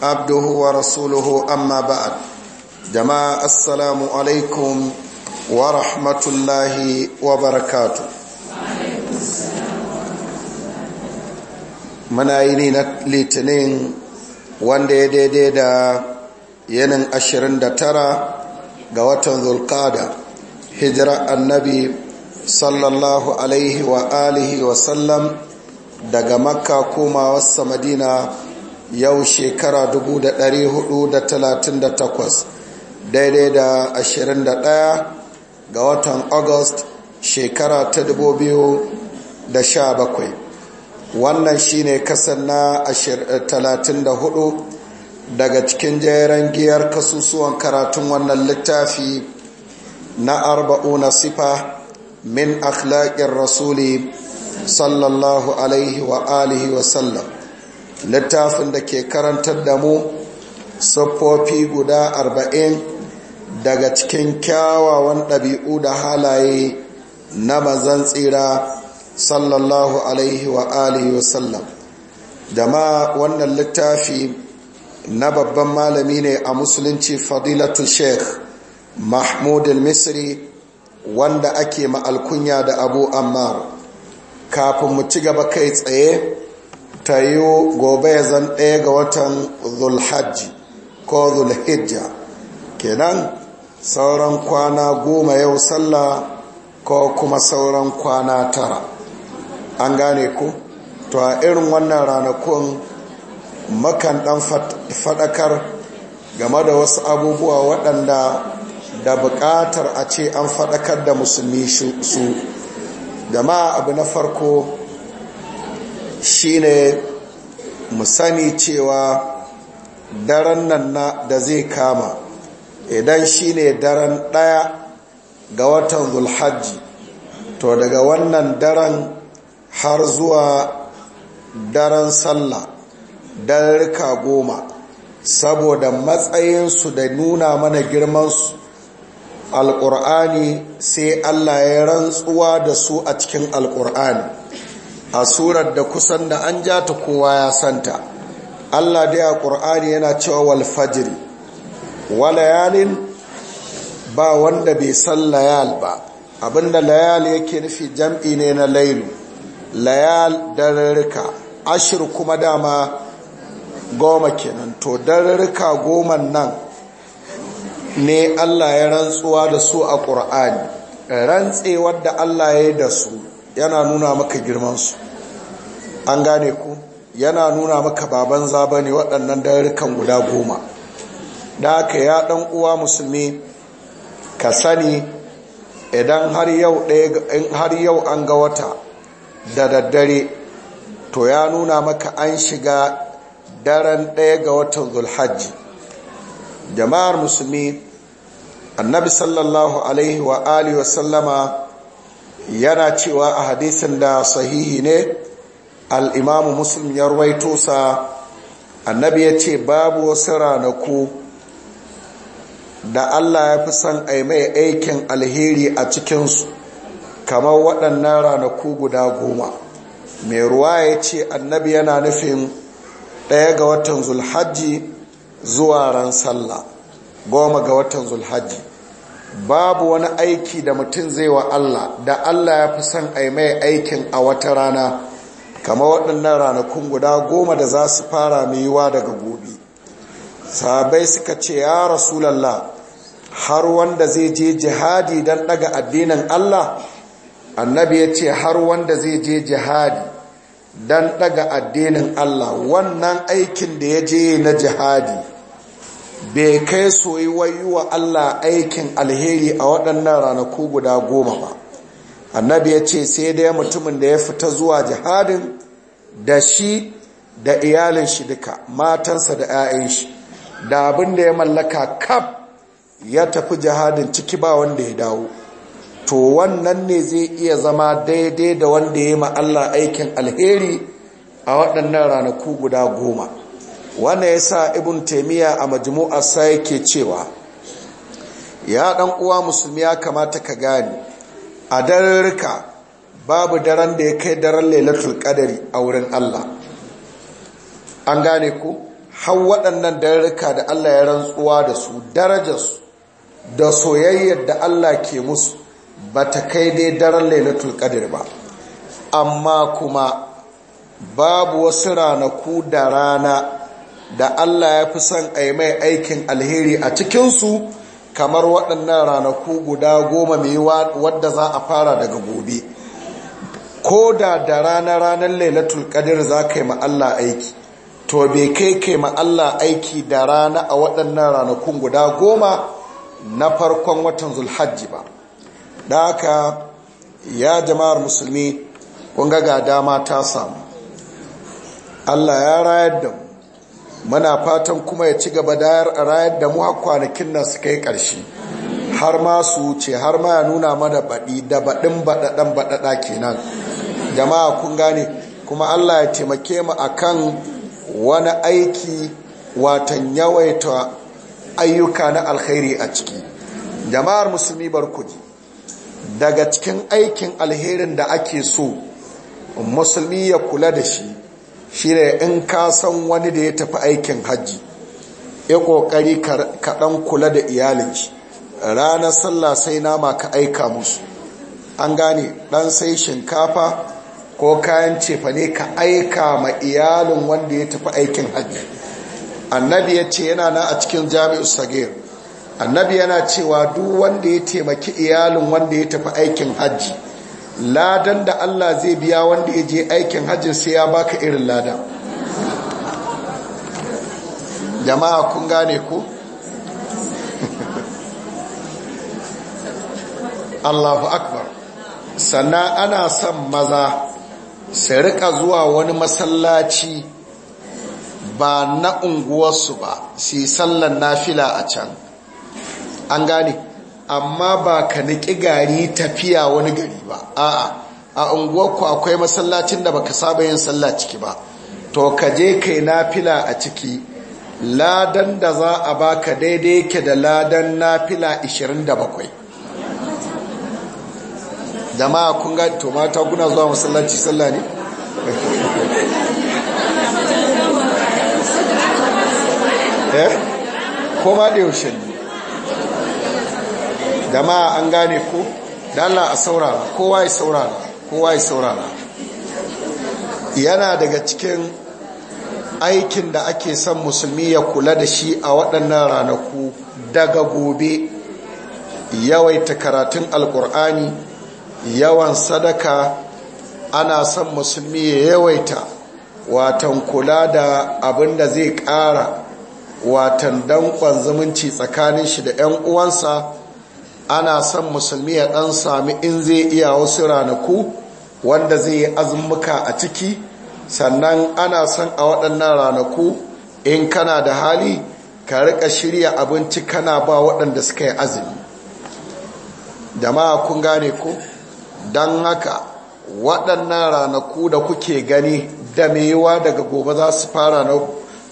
abduhu wa rasuluhu amma ba'ad jama'a assalamu alaikum wa rahmatullahi wa barakatu mana yi ni na litinin wanda ya daidai da yanin ashirin da tara ga watan zulkada hijira annabi sallallahu daga makka komawa samadina yau shekara 438 daidai da 21 ga watan august shekara ta 2017 wannan shine kasan na 34 eh, daga cikin jeren giyar kasusuwan karatun wannan littafi na na sifa min akhlaƙin rasuli sallallahu alaihi wa alihi wa sallam littafin da ke karantar da mu siffofi guda arba'in daga cikin kyawawan ɗabi'u da halaye na mazan tsira sallallahu alaihi wa alihi wasallam jama'a wannan littafi na babban malami ne a musulunci fadilatul sheikh mahmud misri wanda ake ma'alkunya da abu ammar kafin mu ci gaba kai tsaye ta yi gobe ya zan ɗaya ga watan zulhajji ko zulhijja kenan sauran kwana goma yau sallah ko kuma sauran kwana tara an gane ku to a irin wannan ranakun makan ɗan faɗakar game da wasu abubuwa waɗanda da buƙatar a ce an faɗakar da musulmi su jama'a abu na farko shine mu sani cewa daren nan na da zai kama idan shine daren ɗaya ga watan zulhajji to daga wannan daren har zuwa daren sallah darika goma saboda matsayinsu da nuna mana girmansu alƙur'ani sai allah ya rantsuwa da su a cikin alƙur'ani a surar da kusan da an ja ta kowa ya santa Allah da ya ƙur'ani yana cewa walfajiri fajiri walayalin ba wanda bai san layal ba abinda layal yake nufi jam'i ne na lailu layal dararrika ashir kuma dama goma kenan to dararrika goman nan ne Allah ya rantsuwa da su a ƙur'ani rantsewar da Allah ya yi da su yana nuna maka su. an gane ku yana nuna maka baban zaba ne waɗannan darikan guda goma da aka ya ɗan uwa musulmi ka sani idan har yau an ga wata da daddare to ya nuna maka an shiga daren ɗaya ga watan zulhajji jama'ar musulmi annabi sallallahu alaihi wa alihi wa sallama yana cewa a hadisin da sahihi ne al'imamu muslim ya ruwaito sa annabi ya ce babu wasu ranaku da allah ya fi son mai aikin alheri a cikinsu kamar waɗannan ranaku guda goma mai ruwa ya ce annabi yana nufin ɗaya ga watan zulhajji zuwa ran sallah goma ga watan zulhajji babu wani aiki da mutum zai wa Allah da Allah ya fi son a mai aikin a wata rana kama waɗannan ranakun guda goma da za su fara yiwa daga gobe Sabai suka ce ya rasu rasulallah har wanda zai je jihadi don ɗaga addinin Allah annabi ya ce har wanda zai je jihadi don ɗaga addinin Allah wannan aikin da ya je na jihadi bai kai soyuwar yi wa Allah aikin alheri a waɗannan ranaku guda goma ba annabi ya ce sai dai mutumin da ya fita zuwa jihadin da shi da iyalin shi duka matansa da 'ya'yan shi da abin da ya mallaka kaf ya tafi jihadin ciki ba wanda ya dawo to wannan ne zai iya zama daidai da wanda ya yi ma Allah aikin alheri a waɗannan ranaku guda goma wannan sa ibn taimiyya a majmu'a sa yake cewa ya dan uwa musulmi ya kamata ka gane a dararka babu daren da ya kai daren lailatul qadari a wurin Allah an gane ku har waɗannan dararka da Allah ya rantsuwa da su darajarsu da soyayyar da Allah ke musu ba ta kai dai daren lailatul ba amma kuma babu wasu ranaku da rana da Allah ya fi son a yi mai aikin alheri a cikinsu kamar waɗannan ranaku guda goma mai wadda za a fara daga gobe ko da da rana-ranar lailatul ƙadir za ka yi ma'alla aiki to bai kai kai ma'alla aiki da rana a waɗannan ranakun guda goma na farkon watan zulhajji ba da haka ya jama'ar musulmi ƙunga ga dama ta samu Allah ya rayar da mu muna fatan kuma ya ci gaba dayar a rayar da mu kwanakin nan suka yi ƙarshe har ma su wuce har ma ya nuna mana baɗi da baɗin baɗaɗen baɗaɗa kenan jama'a kun gane kuma allah ya taimake mu akan wani aiki watan yawaita ayyuka na alkhairi a ciki jama'ar musulmi barkuji daga cikin aikin alherin da ake so musulmi ya kula da shi Shi ne in ka san wani da ya tafi aikin hajji ya kokari kaɗan kula da iyalin shi ranar sallah sai nama ka aika musu an gane ɗan sai shinkafa ko kayan cefa ne ka aika ma iyalin wanda ya tafi aikin hajji annabi ya ce yana na a cikin jami'u sagir annabi yana cewa duk wanda ya taimaki iyalin wanda ya tafi aikin hajji ladan da Allah zai biya wanda ya je aikin hajji sai ya baka irin ladan jama'a kun gane ko Allahu akbar sannan ana son maza su rika zuwa wani masallaci ba na unguwarsu ba su yi sallan nafila a can an gane amma ba ka niƙi gari tafiya wani gari ba a'a a unguwarku akwai masallacin da baka saba yin sallah ciki ba to ka je kai nafila a ciki ladan da za a baka daidai yake da ladan nafila 27 jama'a kun ga to mata kuna zuwa masallaci sallah ne eh ko ma da yaushe ne gama an gane ko da Allah a saurara kowa ya saurara kowa ya saurara yana daga cikin aikin da ake son musulmi ya kula da shi a waɗannan ranaku daga gobe yawaita karatun Alƙur'ani, yawan sadaka ana son musulmi ya yawaita watan kula da abin da zai ƙara watan dankon zumunci tsakanin shi da 'yan uwansa ana son musulmi ya dan sami in zai iya wasu ranaku wanda zai yi azumuka a ciki sannan ana son a waɗannan ranaku in kana da hali ka rika shirya abinci kana ba waɗanda suka yi azumi da ma kun gane ku don haka waɗannan ranaku da kuke gani da maiwa daga gobe za su fara na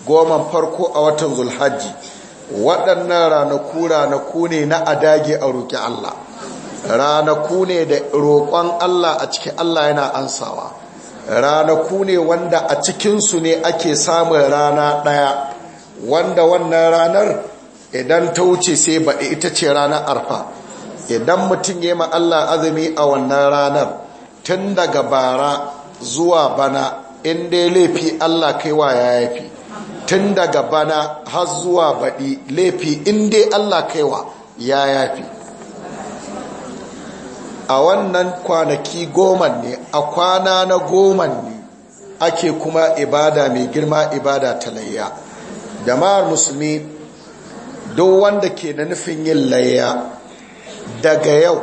goman farko a watan zulhajji waɗannan ranaku ranaku ne na adage a roƙi Allah ranaku ne da roƙon Allah a cikin Allah yana ansawa ranaku ne wanda a cikinsu ne ake samun rana ɗaya wanda wannan ranar idan ta wuce sai baɗi ita ce ranar arfa idan mutum ya Allah azumi a wannan ranar tun daga bara zuwa bana in dai laifi Allah kaiwa ya yafi tun daga bana har zuwa baɗi laifi inda Allah kaiwa ya yafi a wannan kwanaki goma ne a kwana na goma ne ake kuma ibada mai girma ibada ta layya jama'ar musulmi don wanda ke na nufin yin layya daga yau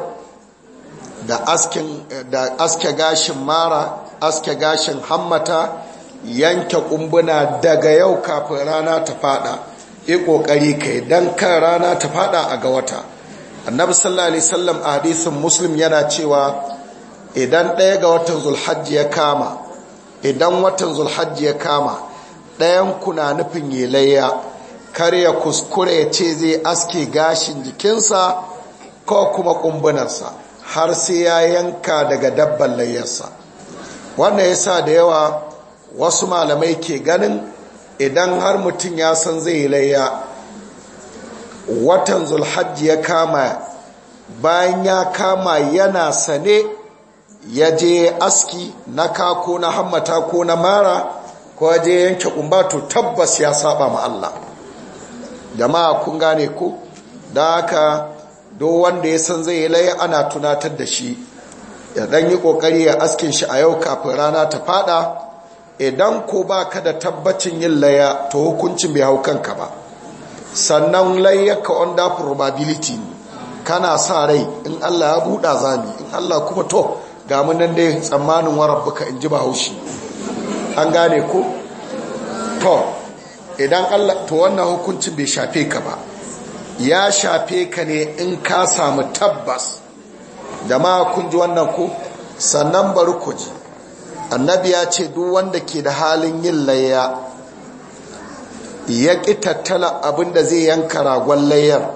da aske gashin mara aske gashin hammata yanke kumbuna daga yau kafin rana ta fada yi kokari kai don kan rana ta fada a ga wata annabi sallallahu alaihi wasallam a hadisin muslim yana cewa idan ɗaya ga watan zulhajji ya kama idan watan zulhajji ya kama ɗayan kuna nufin yelayya kar ya kuskure ya ce zai aske gashin jikinsa ko kuma kumbunarsa har sai ya yanka daga dabban layyarsa wannan yasa da yawa wasu malamai ke ganin idan har mutum ya san zai layya watan zulhajji ya kama bayan ya kama yana sane ya je aski na ka ko na hammata ko na mara ko je yanke kumbato tabbas ya saba ma Allah jama'a kun gane ku. da haka do wanda ya san zai layya ana tunatar da shi ya dan yi kokari ya askin shi a yau kafin rana ta fada idan ko ba ka da tabbacin yin laya to hukuncin bai hau kanka ba sannan layyaka under probability ne kana sa rai in Allah ya buɗa zami in Allah kuma to ga mun nan dai tsammanin warar baka in ji ba haushi an gane ko to idan Allah to wannan hukuncin bai shafe ka ba ya shafe ka ne in ka samu tabbas da ma kun ji wannan ko sannan bari ku ji annabi ya ce duk wanda ke da halin yin layya ya ƙi tattala abinda zai yanka ragon layyar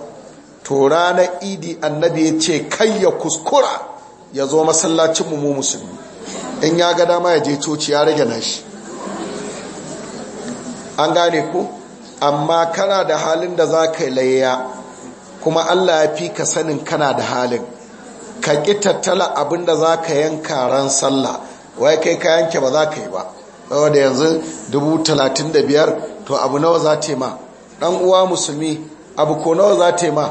to ranar idi annabi ya ce kai ya kuskura ya zo masallacin mu musulmi in ya ga dama ya je coci ya rage nashi an gane ku amma kana da halin da za ka yi layya kuma allah ya fi ka sanin kana da halin ka ƙi tattala abinda za ka yanka ran sallah wai kai kayanke ba za ka yi ba da yanzu 35,000 to abu nawa za ta ma Ɗan uwa musulmi abu ko nawa za ta ma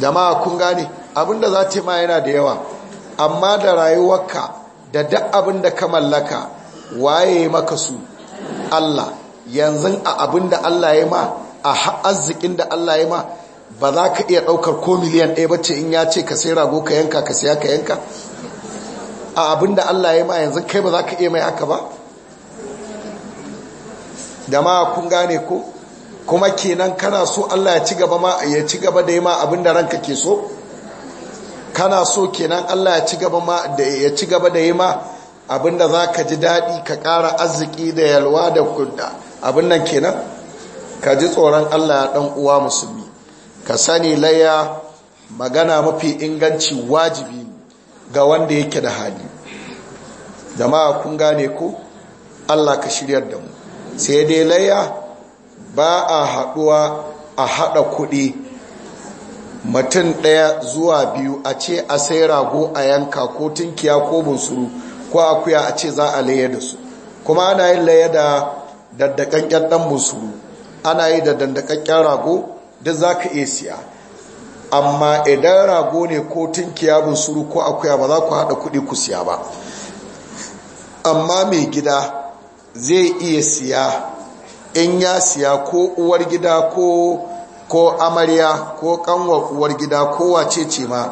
jama'a kun gane abinda za ta ma yana da yawa amma da rayuwarka da duk abinda ka mallaka waye maka su Allah yanzu a abinda Allah ya ma a arzikin da Allah ya ma ba za ka iya ɗaukar ko miliyan ɗaya ce in ya ce ka sai rago ka yanka ka siya ka yanka a abin da Allah ya ma yanzu kai ba za ka iya mai haka ba da ma kun gane ko kuma kenan kana so Allah ya ci gaba ma ya ci gaba da yi ma abin da ranka ke so kana so kenan Allah ya ci gaba ma da ya ci gaba da yi ma da za ka ji daɗi ka ƙara arziki da yalwa da kudda abin nan kenan ka ji tsoron Allah ɗan uwa musulmi ka sani laya magana mafi inganci wajibi ga wanda yake da hali jama'a kun gane ko Allah ka shiryar da mu sai dai layya ba a haduwa a hada kudi mutum daya zuwa biyu a ce a sai rago a yanka ko tunkiya ko bunsuru ko akuya a ce za a laye da su kuma ana yin laye da daddakan dan bunsuru ana yi da kyan rago duk za ka iya siya amma idan rago ne ko tunkiya bin suru ko akuya ba za ku haɗa kuɗi ku siya ba amma mai gida zai iya siya in ya siya ko uwar gida ko ko amarya ko kanwar uwar gida ko wace ce ma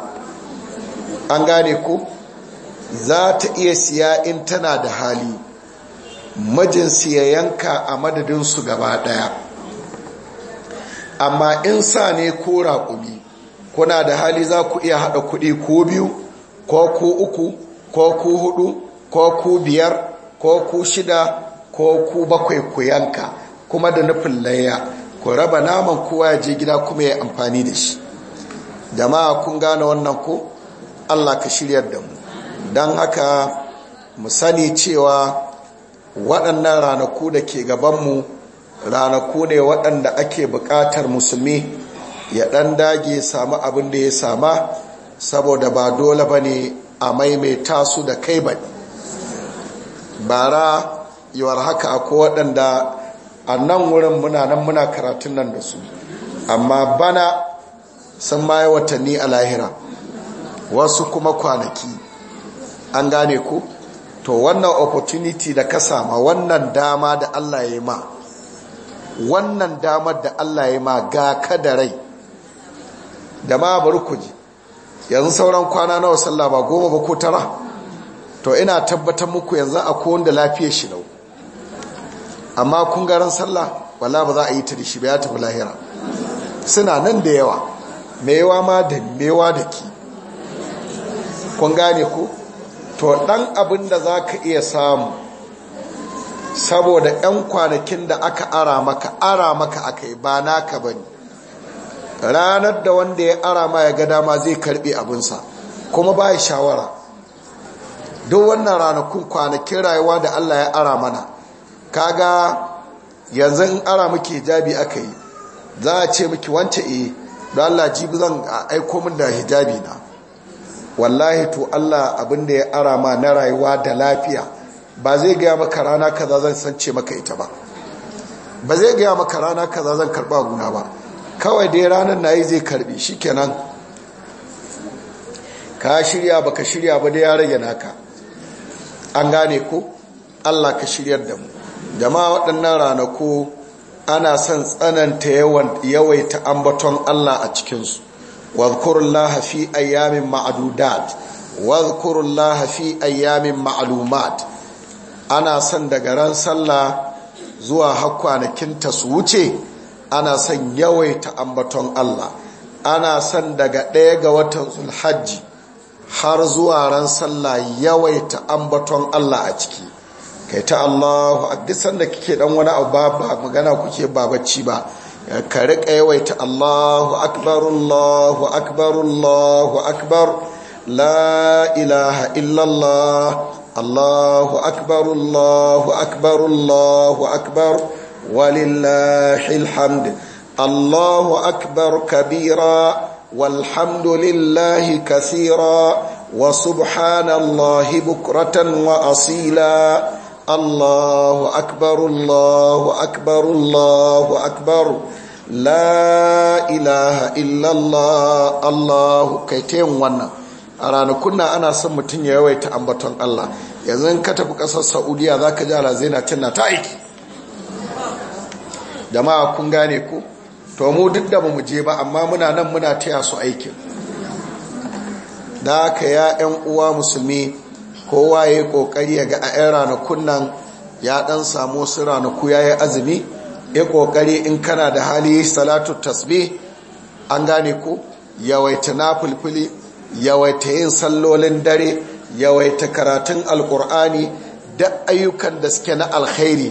an gane ku za ta iya siya in tana da hali majin ya yanka a madadinsu gaba daya amma in sa ne ko raƙumi kuna da hali za ku iya haɗa kuɗi ko biyu ko ku uku ko ku hudu ko ku biyar ko ku shida ko ku bakwai ku yanka kuma da nufin layya ku raba naman kowa ya je gida kuma ya amfani da shi jama'a kun gane wannan ku Allah ka shirya da mu don haka mu sani cewa waɗannan ranaku da ke gabanmu ranaku ne waɗanda ake buƙatar musulmi ya ɗan dage samu abin da ya sama saboda ba dole ba ne a maimaita su da kai ba bara yawar haka akwai waɗanda a nan wurin muna nan muna karatun nan da su amma bana sun maye watanni a lahira wasu kuma kwanaki an gane ku to wannan opportunity da ka sama wannan dama da allah ya ma wannan damar da allah ya ma ga ka da rai jama'a bari ku ji yanzu sauran kwana nawa sallah ba goma ba ko tara to ina tabbatar muku yanzu a kowane da lafiyar shi lau amma kun garan sallah wala ba za a yi ta da shi ba ya tafi lahira suna nan da yawa mewa ma da mewa da ki kun gane ku to dan abin da za ka iya samu saboda 'yan kwanakin da aka ara maka ara maka aka yi ba naka ba ne ranar da wanda ya ara ma ya ga dama zai karbe abinsa kuma ba ya shawara don wannan ranakun kwanakin rayuwa da Allah ya ara mana kaga yanzu in ara muke hijabi aka yi za a ce muke wance e don Allah jibi zan aiko min da hijabi na wallahi to Allah abinda ya ara ma na rayuwa da lafiya ba zai gaya maka rana kaza zan sance maka ita ba ba zai gaya maka rana kaza zan karba guna ba kawai dai ranar na yi zai karbi shi kenan ka shirya ba ka shirya ba da ya rage naka an gane ko allah ka shiryar da mu jama'a waɗannan ranaku ana son tsananta yawaita ambaton allah a cikinsu wadkurullaha fi ayyamin ma'adudat wadkurullaha fi ayyamin ma'alumat ana son daga ran sallah zuwa har kwanakinta su wuce ana son yawaita ambaton Allah ana son daga ɗaya ga watan zulhajji har zuwa ran sallah yawaita ambaton Allah a ciki kai ta Allahu a duk sanda kike dan wani abu ba ba magana kuke ba bacci ba ka riƙa yawaita Allahu akbar Allahu akbar Allahu akbar la ilaha illallah Allahu akbar Allahu akbar Allahu akbar ولله الحمد الله أكبر كبيرا والحمد لله كثيرا وسبحان الله بكرة وأصيلا الله أكبر الله أكبر الله أكبر لا إله إلا الله الله كيتين وانا a ranakun na ana son mutum ya yawaita ambaton Allah yanzu ka tafi ƙasar Saudiya za ka ji alazaina tana ta aiki jama'a kun gane ku to mu duk da mu je ba amma muna nan muna taya su aikin da aka ya 'yan uwa musulmi kowa ya yi kokari ya ga a ranakun nan ya dan samu su ranaku ya yi azumi ya kokari in kana da hali salatu tasbi an gane ku yawaita nafulfuli yawaita yin sallolin dare yawaita karatun alkur'ani da ayyukan da suke na alkhairi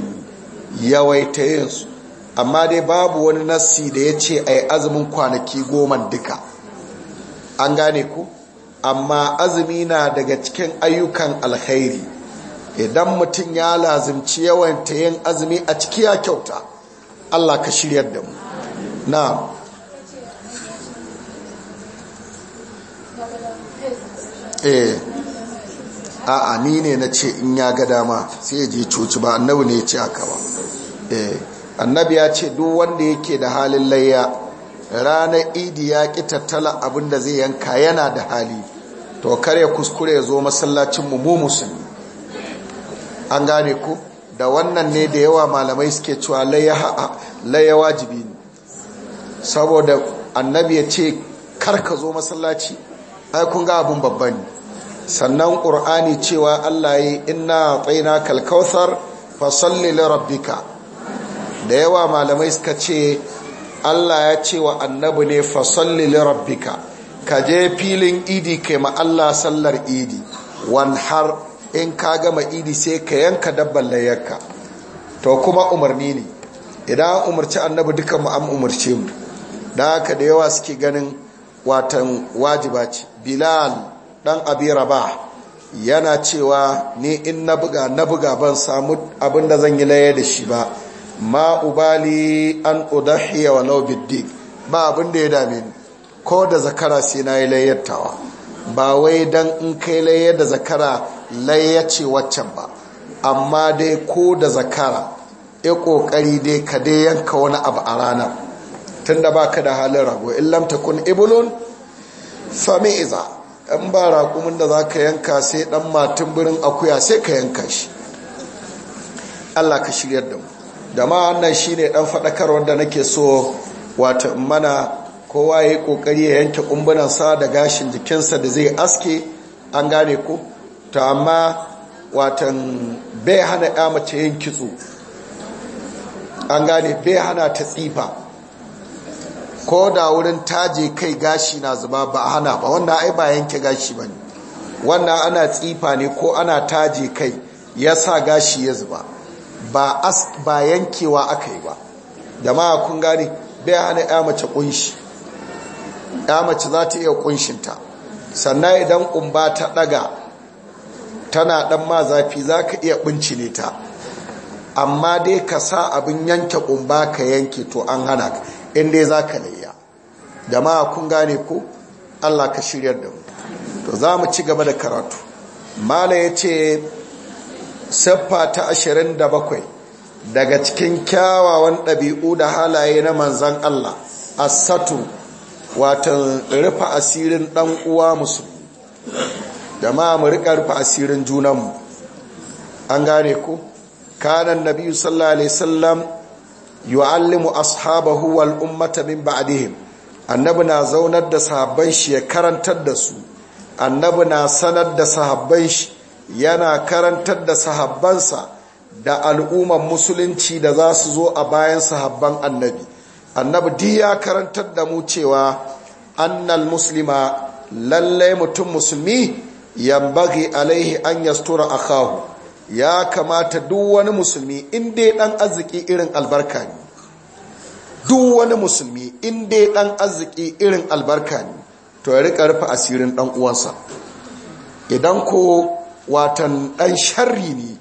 yawaita yin su amma dai babu wani nassi da ya ce a yi azumin kwanaki goma duka an gane ku amma azumi na daga cikin ayyukan alkhairi idan mutum ya lazimci yawan ta yin azumi a ciki ya kyauta allah ka shiryar da mu na eh a'a ni ne na ce in ya ga dama sai ya je coci ba annabi ne ya ce haka ba eh annabi ya ce duk wanda yake da halin layya ranar idi ya ki tattala abinda zai yanka yana da hali to kare kuskure ya zo masallacin mu musulmi an gane ku da wannan ne da yawa malamai suke cewa layya wajibi ne saboda annabi ya ce karka zo masallaci ai kun ga abin babba ne sannan ƙur'ani cewa allah ya yi ina tsaina kalkautar fasalli lirabbika da yawa malamai suka ce Allah ya ce wa annabu ne fasalli lirabbika ka je filin idi kai ma Allah sallar idi wan har in ka gama idi sai ka yanka dabban layyarka to kuma umarni ne idan an umarci annabu dukan mu an umarce mu da haka da yawa suke ganin watan wajiba ce bilal dan abi rabah yana cewa ni in na buga na buga ban samu abin da zan yi laye da shi ba ma ubali an udahiya wa laubiddik ba abin da ya dame ni ko da zakara sai na yi layyatawa ba wai don in kai layyar da zakara layyace waccan ba amma dai ko da zakara ya kokari dai ka dai yanka wani abu a ranar tun da ba da halin rago in lamta kun ibulun fami iza in ba raƙumin da zaka yanka sai ɗan matin birin akuya sai ka yanka shi allah ka shiryar da mu da ma wannan shi ne ɗan faɗakar wanda nake so wata mana kowa ya yi ƙoƙari ya yanke ƙumbunansa da gashin jikinsa da zai aske an gane ku. ta amma watan bai hana ya mace yin kitso an gane bai hana ta tsifa ko da wurin taje kai gashi na zuba ba hana ba wannan ai ba yanke gashi ba ne wannan ana tsifa ne ko ana taje kai ya sa gashi ya zuba ba as ba yankewa aka yi ba jama'a kun gane bai hana ya mace kunshi ya mace za ta iya kunshinta sannan idan kumba ta daga tana dan ma zafi za ka iya ne ta amma dai ka sa abin yanke kumba ka yanke to an hana ka inda za ka layya jama'a kun gane ku allah ka shiryar da mu to za mu ci gaba da karatu mala ya ce siffa ta ashirin da bakwai daga cikin kyawawan ɗabi'u da halaye na manzan Allah asatu watan rufa asirin ɗan uwa musu da ma mu rika rufe asirin junanmu an gane ku kanan nabi sallallahu alaihi wasallam yu'allimu ashabahu wal ummata min ba'dihim annabi na zaunar da sahabban shi ya karantar da su annabi na sanar da sahabban shi yana karantar da sahabbansa da al'umman musulunci da za su zo a bayan sahabban annabi annabi di ya karantar da mu cewa annal muslima lallai mutum musulmi yambagi alaihi an yastura akahu ya kamata duk wani musulmi inda dai dan arziki irin albarka ne duk wani musulmi in dai dan arziki irin albarka ne to ya rika rufe asirin dan uwansa idan ko watan dan sharri ne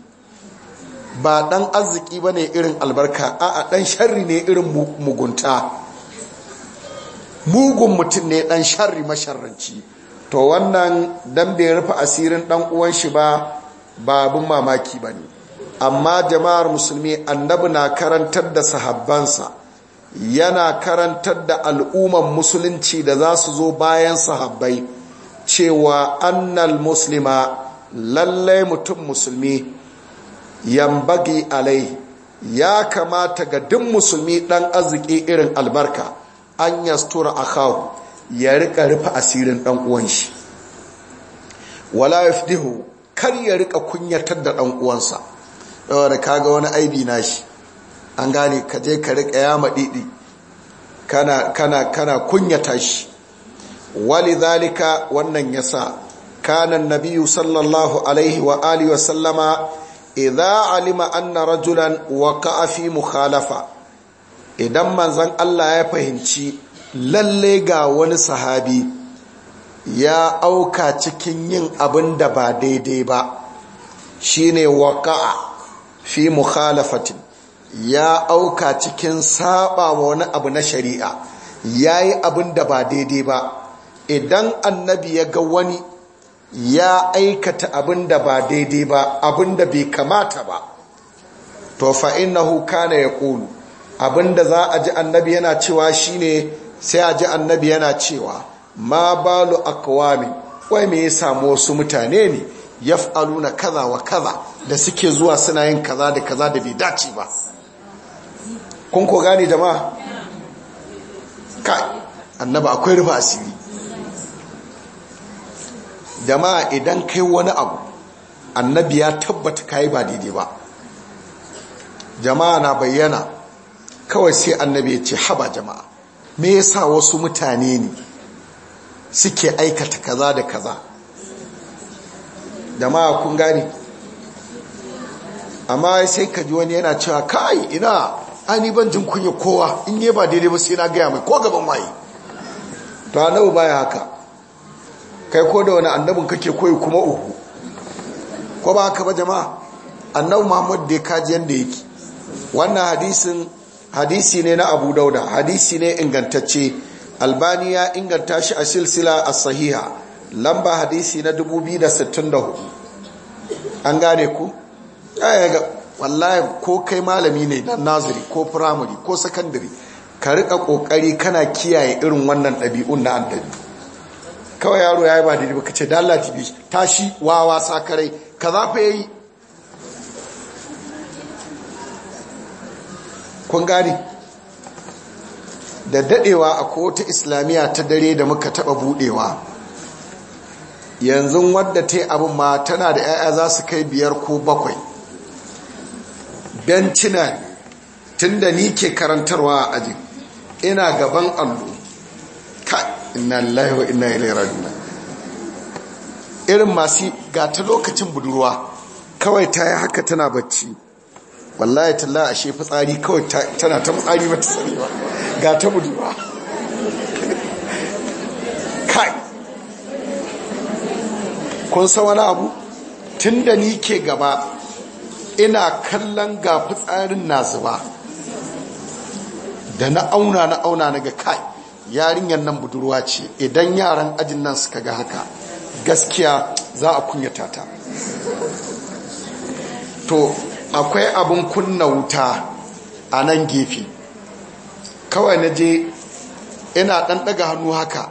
ba dan arziki ba irin albarka a dan sharri ne irin mugunta mugun mutum ne dan sharri masharranci to wannan dan bai rufe asirin dan uwan shi ba babin mamaki ba ne amma jama'ar musulmi annabi na karantar da sahabbansa yana karantar da al'umman musulunci da za su zo bayan sahabbai cewa annal muslima lallai mutum musulmi yambagi alai ya kamata ga duk musulmi dan arziki irin albarka an yastura kawo, ya rika rufe asirin dan uwan shi wala yafdihu kar ya rika kunyatar da dan uwansa saboda kaga wani aibi nashi an gane ka je ka rika ya maɗiɗi kana kana kana kunyata shi wali zalika wannan yasa kana an-nabiy sallallahu alaihi wa alihi wa sallama idza alima anna rajulan waqa'a fi mukhalafa idan manzon Allah ya fahimci lallai ga wani sahabi ya auka cikin yin abin da ba daidai ba shine waqa'a fi mukhalafatin ya auka cikin saba wani abu na shari'a yayi abin da ba daidai ba idan annabi ya ga wani ya aikata abin da ba daidai ba abin da bai kamata ba to fa innahu ya yaqulu abin da za a ji annabi yana cewa shine sai a ji annabi yana cewa ma balu aqwami wai me ya samu wasu mutane ne yaf'aluna kaza wa kaza da suke zuwa suna yin kaza da kaza da bai dace ba kun ko gane jama'a kai annabi akwai rufa asiri jama'a idan kai wani abu annabi ya tabbata kai ba daidai ba jama'a na bayyana kawai sai annabi ya ce haba jama'a me yasa wasu mutane ne suke aikata kaza da kaza jama'a kun gane amma sai ka ji wani yana cewa kai ina ani ban jin kunya kowa in yi ba daidai ba sai na gaya mai ko gaban waye to annabi baya haka kai ko da wani annabin kake koyi kuma uku ko ba haka ba jama'a annabi muhammad da ya kaji yadda yake wannan hadisin hadisi ne na abu dauda hadisi ne ingantacce albani ya inganta shi a silsila a sahiha lamba hadisi na 2064 an gane ku ga. wallahi ko kai malami ne na naziri ko firamare ko sakandare ka rika kokari kana kiyaye irin wannan ɗabi'un na annabi kawai yaro ya yi ba daidai ba ka ce da ta tibi tashi wawa sakarai ka za ku yayi yi. da dadewa a kowata islamiyya ta dare da muka taba budewa yanzu wadda ta abin ma tana da 'ya'ya za su kai biyar ko bakwai bencina tun da ni ke karantarwa a ajin ina gaban allo inna lillahi inna ilaihi raji'un irin masu ga ta lokacin budurwa kawai ta yi haka tana bacci wallahi talla ashe fitsari kawai tana ta fitsari mata tsariwa ga ta budurwa kai kun san wani abu tun da ni ke gaba ina kallon ga fitsarin na zuba da na auna na auna na ga kai yarinyar nan budurwa ce idan yaran ajin nan suka ga haka gaskiya za a kunyata ta to akwai abin kunna wuta a nan gefe kawai na je ina dan daga hannu haka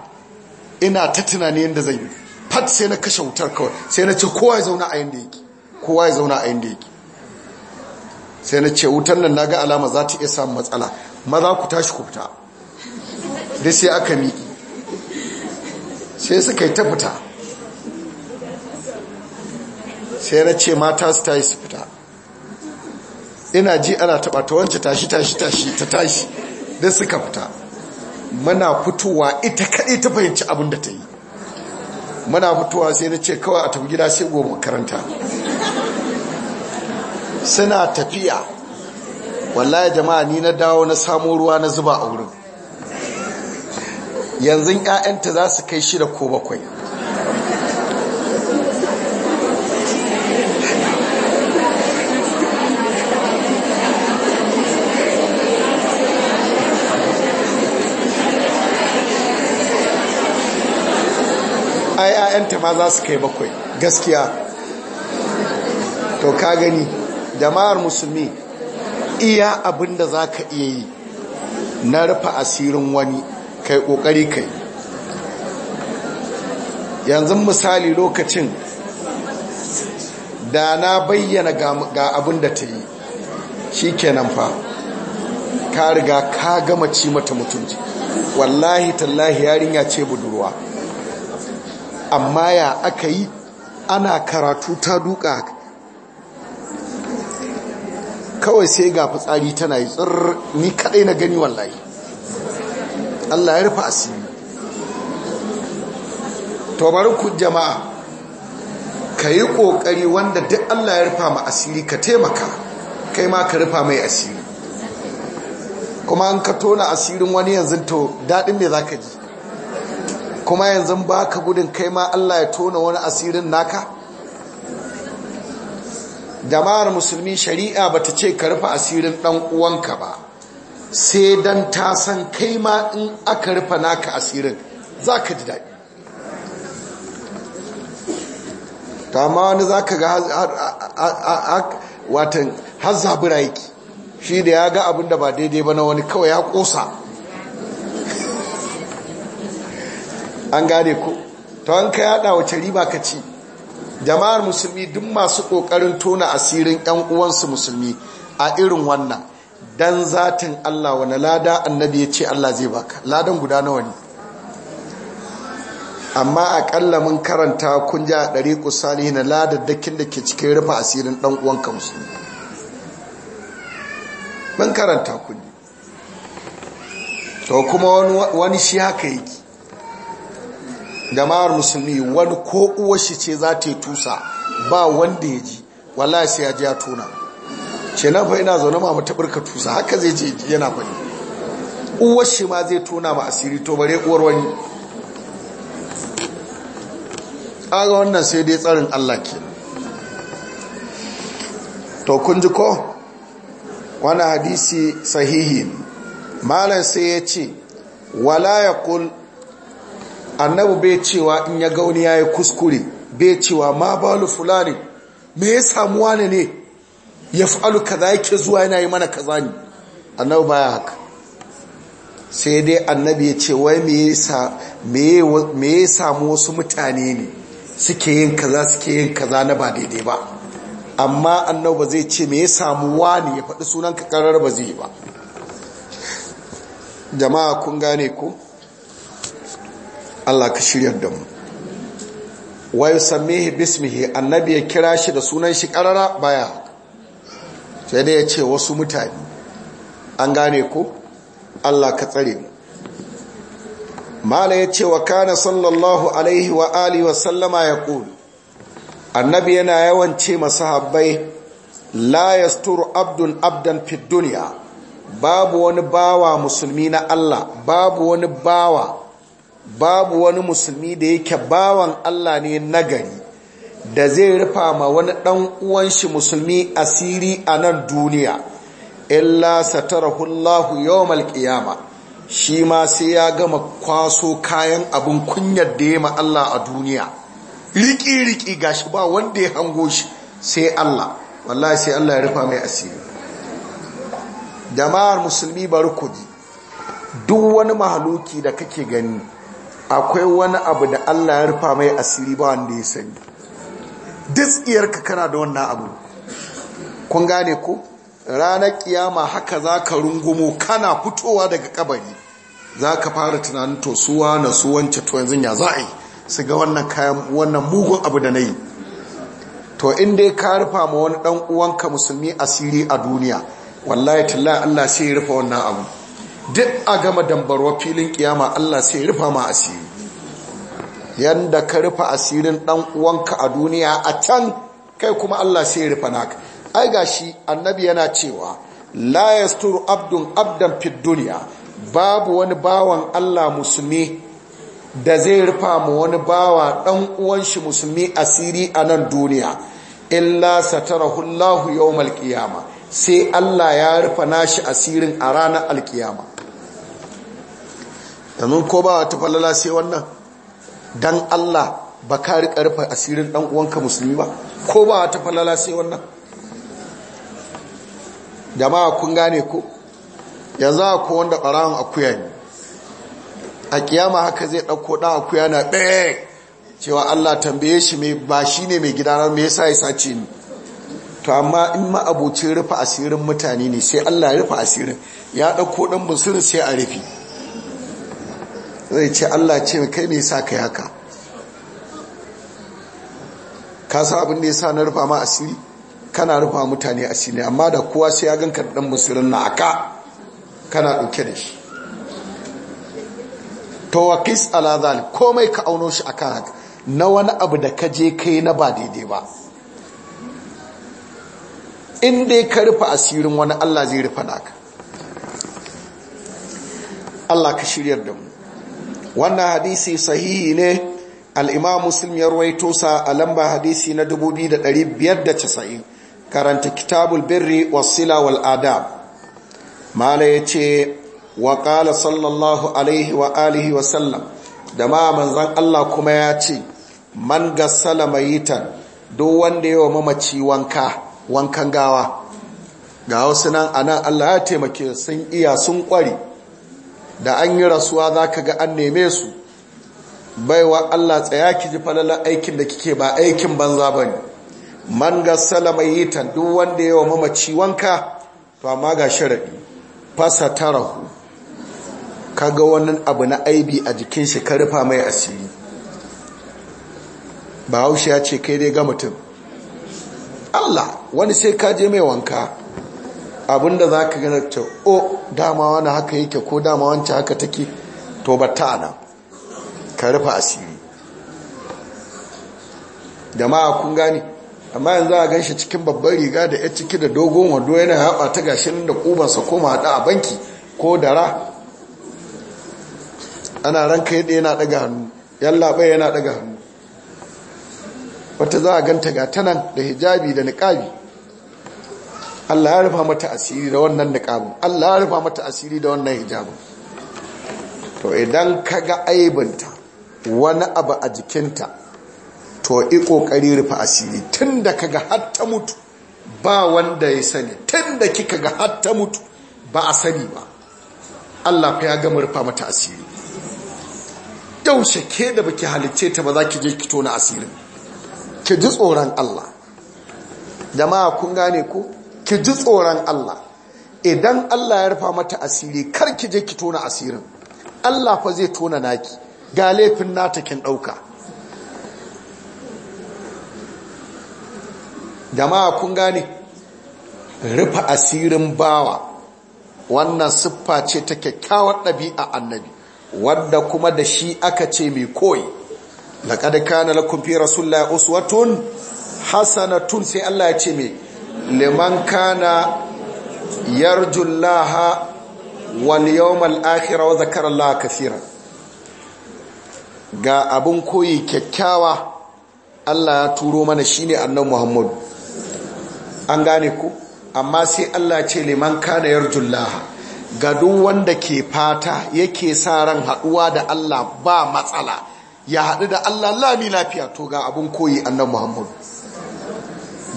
ina ta tunani yadda zan yi fat sai na kashe wutar kawai sai na ce kowa ya zauna a yadda yake kowa ya zauna a yadda yake sai na ce wutar nan na ga alama za ta iya samun matsala maza ku tashi ku fita da sai aka miƙi sai suka yi ta fita sai na ce mata su ta yi su fita ina ji ana taɓa ta wancan tashi tashi tashi ta tashi da suka fita mana fitowa ita kaɗai ta fahimci abin da ta yi mana fitowa sai na ce kawai a tafi gida sai gobe makaranta suna tafiya wallahi jama'a ni na dawo na samo ruwa na zuba a wurin yanzu ‘ya'yanta za su kai shida ko bakwai a ‘ya'yanta ma za su kai bakwai gaskiya to ka gani jama'ar musulmi iya abinda za ka iya yi na rufe asirin wani kai kokari kai yanzu misali lokacin da na bayyana ga abin da ta yi shi kenan fa ka riga ka gama ci mata mutunci wallahi tallahi yarinya ce budurwa amma ya aka yi ana karatu ta duka kawai sai ga fitsari tana yi tsirr ni kadai na gani wallahi Allah ya rufe asiri to bari ku jama'a ka yi ƙoƙari wanda duk Allah ya rufa ma asiri ka taimaka kai ma ka rufa mai asiri kuma an ka tona asirin wani yanzu to daɗin me za ji kuma yanzu ba ka gudun kai ma Allah ya tona wani asirin naka jama'ar musulmi shari'a bata ce ka rufe asirin ɗan uwanka ba sai dan ta san kai ma in aka rufa naka asirin za ka ji daɗi ta ma wani za ka ga watan har zabura yake shi da ya ga abin da ba daidai ba na wani kawai ya ƙosa an gane ku. ta wanka yaɗa wace riba ka ci jama'ar musulmi duk masu ƙoƙarin tona asirin 'yan uwansu musulmi a irin wannan dan zatin Allah wani lada annabi ya ce Allah zai baka ladan guda nawa ne amma akalla mun karanta kun ji a ɗari kusali na ladaddakin da ke cikin rufe asirin ɗan uwanka musulmi mun karanta kun to kuma wani shi haka yake jama'ar musulmi wani ko uwar shi ce za ta yi tusa ba wanda ya ji wallahi sai ya ji ya tona ce na fa ina zaune ma mata tusa haka zai je yana fani uwar shi ma zai tona ma asiri to bare uwar wani aga wannan sai dai tsarin Allah ke to kun ji ko wani hadisi sahihi malam sai ya ce wala ya kul annabu bai cewa in ya gauni ya yi kuskure bai cewa ma balu fulani me ya samuwa ne ne ya fa'alu za yake zuwa yana yi mana kaza ne annabi baya haka sai dai annabi ya ce wai me ya samu wasu mutane ne suke yin kaza suke yin kaza na ba daidai ba amma annabi ba zai ce me ya samu wani ya faɗi sunan ka ƙarar ba zai ba jama'a kun gane ku. Allah ka shiryar da mu wai yusammihi bismihi annabi ya kira shi da sunan shi karara baya sai dai ya ce wasu mutane an gane ko Allah ka tsare mu mala ya ce wa kana sallallahu alaihi wa alihi wa sallama ya ƙulu annabi yana yawan ce masahabbai la yasturu abdun abdan fid duniya babu wani bawa musulmi na Allah babu wani bawa babu wani musulmi da yake bawan Allah ne nagari da zai rufa ma wani ɗan uwan shi musulmi asiri a nan duniya illa satarahu Allahu yawmal qiyama shi ma sai ya gama kwaso kayan abun kunyar da ya ma Allah a duniya riki riki gashi ba wanda ya hango shi sai Allah wallahi sai Allah ya rufa mai asiri jama'ar musulmi ji duk wani mahaluki da kake gani akwai wani abu da Allah ya rufa mai asiri ba wanda ya sani Duk ka kana da wannan abu kun gane ku? ranar kiyama haka za ka rungumo kana fitowa daga kabari za ka fara tunanin to suwa na suwance to yanzu ya za a yi su ga wannan kayan wannan mugun abu da na yi to inda ya ka rufa ma wani ɗan uwanka musulmi asiri a duniya wallahi tallahi Allah sai ya rufa wannan abu duk a gama dambarwa filin kiyama Allah sai ya rufa ma asiri yanda ka rufe asirin ɗan uwanka a duniya a can kai kuma Allah sai rufe naka ai gashi annabi yana cewa la yasturu abdun abdan fid dunya babu wani bawan Allah musulmi da zai rufa mu wani bawa dan uwan shi musulmi asiri a nan duniya illa satarahu Allahu yawmal qiyamah sai Allah ya rufe nashi asirin a ranar alkiyama yanzu ko ba wata falala sai wannan dan Allah ba ka riƙa rufe asirin ɗan uwanka musulmi ba ko ba ta falala sai wannan jama'a kun gane ko yanzu ko wanda ɓarawan akuya ne a kiyama haka zai ɗauko ɗan akuya na ɗaya cewa Allah tambaye shi mai ba shi ne mai gida na mai yasa ya sace ni to amma in ma rufa rufe asirin mutane ne sai Allah ya rufe asirin ya ɗauko ɗan musulun sai a rufe zai ce Allah ce kai ne sa ka yaka ka sa abin da ya sa na rufa ma asiri kana rufa mutane asiri amma da kowa sai ya ganka dan musulun na aka kana ɗauke da shi tawakis ala komai ka auno shi akan haka na wani abu da ka je kai na ba daidai ba in dai ka rufe asirin wani Allah zai rufe naka Allah ka shiryar da mu wannan hadisi sahihi ne al'imam muslim ya ruwaito sa a lamba hadisi na 2590 karanta kitabul birri wasila wal adab mala ya ce wa ƙala sallallahu alaihi wa alihi wa sallam da ma manzan Allah kuma ya ce man gassala mayitan duk wanda wa mamaci wanka wankan gawa ga wasu nan nan Allah ya taimake sun iya sun ƙwari da an yi rasuwa za ka ga an neme su baiwa Allah tsaya ki ji falalar aikin da kike ba aikin banza ba ne man gassala mai yi duk wanda yawa mamaci wanka to amma ga sharaɗi fasa rahu. ka ga wani abu na aibi a jikin shi ka rufa mai asiri ba haushe ya ce kai dai ga mutum Allah wani sai ka je mai wanka abinda za ka gana ce o oh, dama wani haka yake ko dama wancan haka take to ba ta ka rufe asiri jama'a kun gani amma yanzu a ganshi cikin babbar riga da ya ciki da dogon wando yana haɓa ta nan da ƙubansa koma haɗa a banki ko dara ana ranka yadda yana ɗaga hannu yallaɓai yana ɗaga hannu wata za a ganta ga tanan da hijabi da niƙabi Allah ya rufa mata asiri da wannan niqabin Allah ya rufa mata asiri da wannan hijabin to idan kaga aibinta wani abu a jikinta to i kokari rufa asiri tunda kaga har ta mutu ba wanda ya sani tunda kika ga har mutu ba a sani ba Allah fa ya gama rufa mata asiri yaushe ke da baki halicce ta ba za ki je ki tona asirin ki ji tsoron Allah jama'a kun gane ko ki ji tsoron Allah idan Allah ya rufa mata asiri kar ki je ki tona asirin Allah fa zai tona naki ga laifin nata kin dauka jama'a kun gane rufa asirin bawa wannan siffa ce ta kyakkyawar ɗabi'a annabi wadda kuma da shi aka ce mai koyi laqad kana lakum fi rasulillahi uswatun hasanatun sai Allah ya ce mai liman kana yarjullaha wani yawmal akhir wa zakara Allah kaseera ga abun koyi kyakkyawa Allah ya turo mana shine Annan Muhammad an gane ku amma sai Allah ce liman kana yarjullaha ga duk wanda ke fata yake sa ran haduwa da Allah ba matsala ya haɗu da Allah lami lafiya to ga abun koyi Annan Muhammad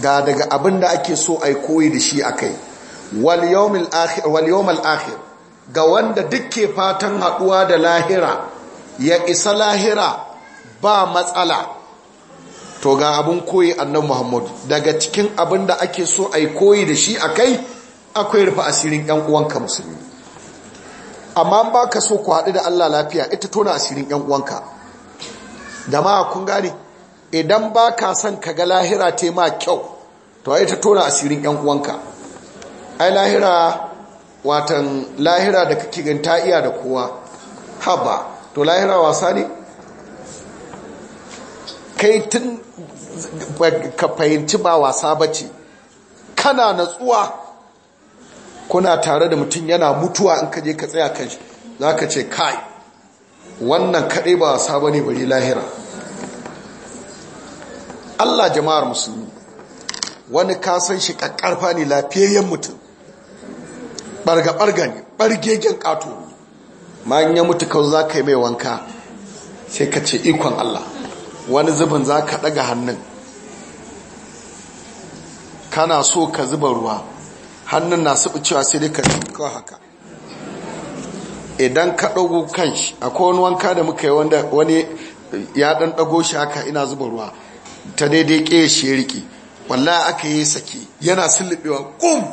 ga daga abin da ake so a koyi da shi a kai waliyomil akhir ga wanda dukke fatan haɗuwa da lahira ya isa lahira ba matsala to ga abin koyi annan muhammadu daga cikin abin da ake so a koyi da shi a kai akwai rufe asirin ‘yan uwanka musulmi amma ba ka so ku haɗu da allah lafiya ita tona asirin ‘yan uwanka da ma kun gane idan ba ka son ka ga lahira te ma kyau to ai ta tona asirin yan uwanka ai lahira watan lahira da kake gan ta iya da kowa haba to lahira wasa ne kai tun ka fahimci ba wasa bace kana natsuwa kuna tare da mutum yana mutuwa in ka je ka tsaya kan shi za ka ce kai wannan kaɗai ba wasa ba ne bari lahira Allah jama'ar musulmi wani kasan shi kakkarfa ne lafiyayyen mutum barga-barga ne ƙato ne ma ya mutu kawai za ka yi mai wanka sai ka ce ikon Allah wani zubin za ka ɗaga hannun kana so ka zuba ruwa hannun na su cewa sai dai ka kawai haka idan ka ɗago kan shi akwai wani wanka da muka yi wani ya ɗan ɗago shi haka ina zuba ruwa ta daidai ƙeshe riƙe wallahi aka yi sake yana sullubewa kum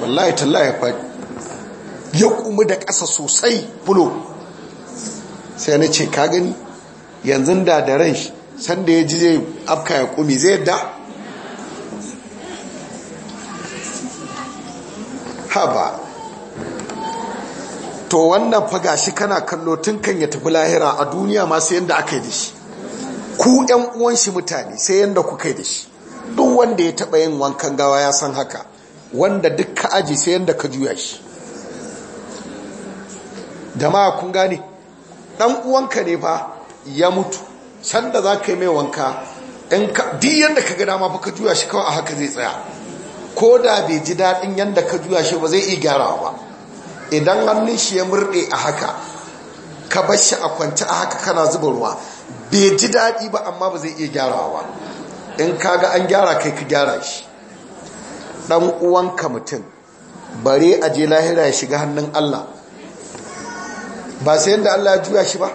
wallahi tallahi faɗi ya kuma da ƙasa sosai bulo, sai na ce ka gani yanzu da da ran shi sanda ya ji zai afka ya kumi zai yadda haba to wannan faga shi kana kallo tun kan ya tafi lahira a duniya masu yadda aka yi da shi ku yan uwan shi mutane sai yadda ku kai da shi duk wanda ya taɓa yin wankan gawa ya san haka wanda duk ka aji sai yadda ka juya shi ma kun gane Ɗan uwanka ne fa ya mutu sanda za ka yi mai wanka Duk yadda ka ga dama fa ka juya shi kawai a haka zai tsaya ko da bai ji daɗin yadda ka juya shi ba zai iya gyarawa ba idan hannun shi ya murɗe a haka ka bar shi a kwance a haka kana zuba ruwa bai ji daɗi ba amma ba zai iya gyara gyarawa in kaga an gyara kai ka gyara shi ɗan uwanka mutum bare a je lahira ya shiga hannun Allah ba sai yadda Allah ya juya shi ba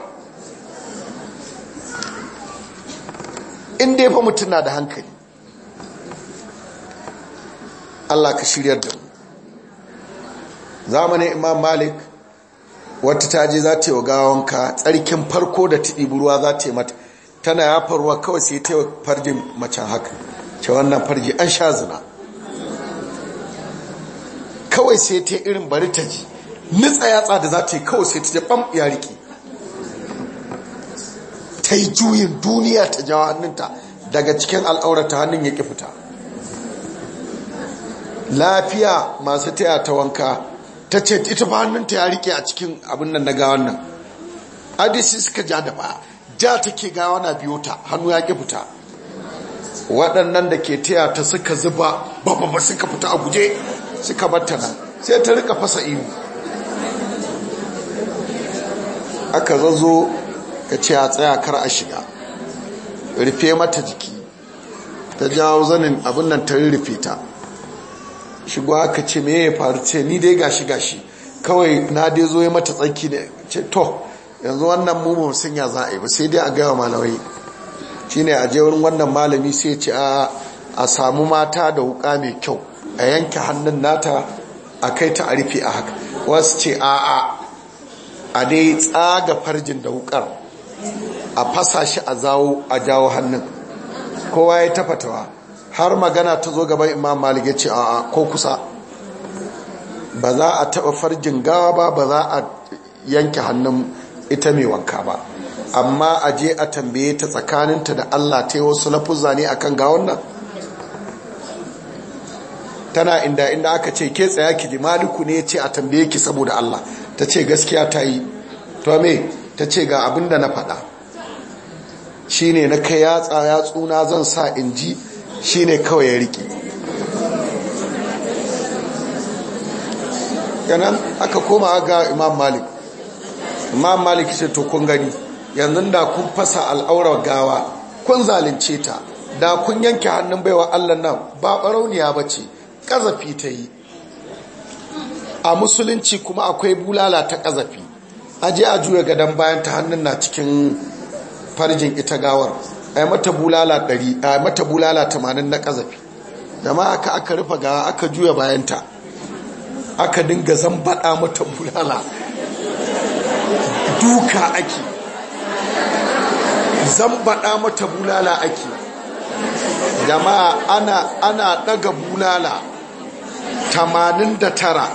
inda ya fa mutum na da hankali Allah ka shiryar da mu zamanin imam malik wata ta je za ta yi wa ka tsarkin farko da ta ɗiburuwa za ta yi mata tana ya faruwa kawai sai ta yi farji macen haka ce wannan farji an sha zina kawai sai ta yi irin bari ta ji nitsa yatsa da za ta yi kawai sai ta je bam ya riki ta yi juyin duniya ta jawo hannunta daga cikin al'aurata hannun ya ƙi fita lafiya masu taya ta wanka ta ce ita ba hannunta ya rike a cikin abin nan na gawan nan adisi suka ja da ba ja take gawa na biyo ta hannu ya ki fita waɗannan da ke taya ta suka zuba babba suka fita a guje suka batta nan sai ta rika fasa ihu aka zazo ka ce a tsaya kar a shiga rufe mata jiki ta jawo zanin abin nan ta rufe ta shigo aka ce me ya faru ce ni dai gashi gashi kawai na dai zo ya mata tsaki ne ce to yanzu wannan mumun sun ya za a ba sai dai a gaya malamai shine a je wannan malami sai ce a a samu mata da wuka mai kyau a yanke hannun nata a kai ta a rufe a haka wasu ce a a a dai tsaga farjin da wukar a fasa shi a zawo jawo hannun kowa ya tafatawa har magana ta zo gaban imam malik ya ce a'a ko kusa ba za a taba farjin gawa ba ba za a yanke hannun ita mai wanka ba amma a je a tambaye ta tsakaninta da allah ta yi wasu lafuzza ne akan gawan nan tana inda inda aka ce ke tsaya ki ji maliku ne ce a tambaye ki saboda allah ta ce gaskiya ta yi to me ta ce ga abin da na faɗa ne na kai yatsa yatsuna zan sa in ji shi ne kawai ya riƙe. yanan aka koma ga imam malik imam malik ce to kun gani yanzu da kun fasa al'aurar gawa kun zalunce ta da kun yanke hannun baiwa allah nan ba barauniya ba ce ƙazafi ta yi a musulunci kuma akwai bulala ta ƙazafi aje a juya gadon bayan ta hannun na cikin farjin ita gawar mata bulala tamanin mata bulala na kazafi da ma aka aka rufa ga aka juya bayanta aka dinga zambada mata bulala duka ake zambada mata bulala ake jama'a ana ana daga bulala tamanin da tara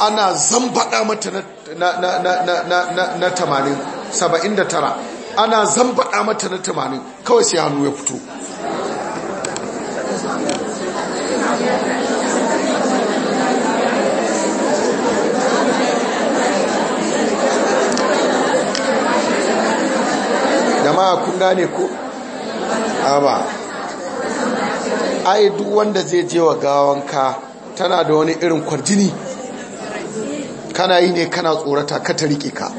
ana zambada mata na tamanin saba'in da tara. ana zambaɗa mata na tamanin kawai sai hannu ya fito jama'a kun gane ko ba ai duk wanda zai je wa gawanka tana da wani irin kwarjini kana yi ne kana tsorata ka ta rike ka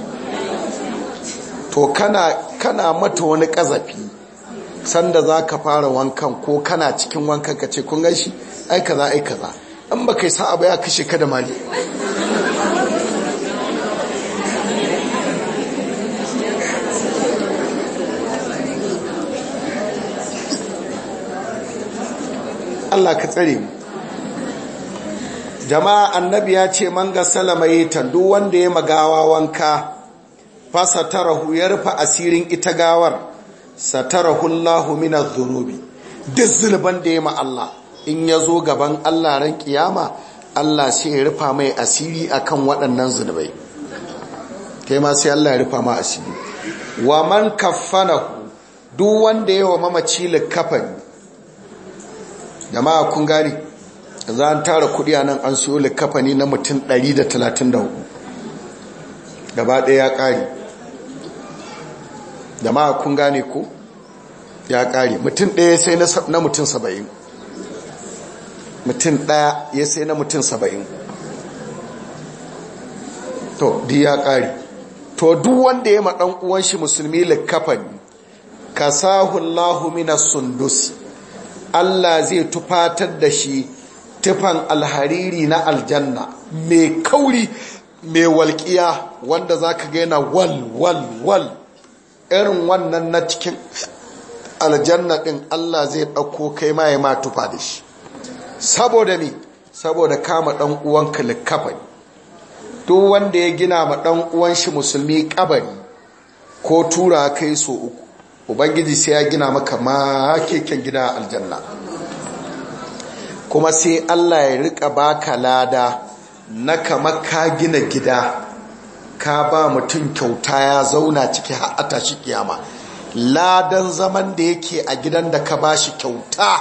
to kana kana mata wani kazafi sanda za ka fara wankan ko kana cikin wankan ka ce kun gashi ai kaza ai kaza an ba kai sa'a ba ya kashe ka da mali Allah ka tsare mu jama'a annabi ya ce man ga salama yi duk wanda ya magawa wanka fa satarahu ya rufe asirin ita gawar satarahu Allahu min adh-dhunubi duk zulban da ya ma Allah in ya zo gaban Allah ran kiyama Allah sai ya rufa mai asiri akan waɗannan zunubai kai ma sai Allah ya rufa ma asiri wa man kaffanahu duk wanda wa mamaci likafani jama'a kun gani za an tara kudi a nan an siyo likafani na mutum 134 gaba ɗaya ya ƙari da ma kun gane ko ya kare mutum ɗaya sai na mutum saba'in mutum ɗaya ya sai na mutum saba'in to di ya kare to duk wanda ya maɗan uwan shi musulmi likafan kasahullahu minas sundus Allah zai tufatar da shi tufan alhariri na aljanna mai kauri mai walƙiya wanda za ka gaina wal wal wal irin wannan na cikin aljanna ɗin Allah zai ɗauko kai ma ya matufa da shi saboda ne saboda kama ɗan uwanka likafani duk wanda ya gina ma ɗan uwan shi musulmi ƙabari ko tura kai so uku ubangiji sai ya gina maka ma keken gida aljanna kuma sai Allah ya rika baka lada na kama ka gina gida ka ba mutum kyauta ya zauna ciki har tashi kiyama ladan zaman da yake a gidan da ka ba shi kyauta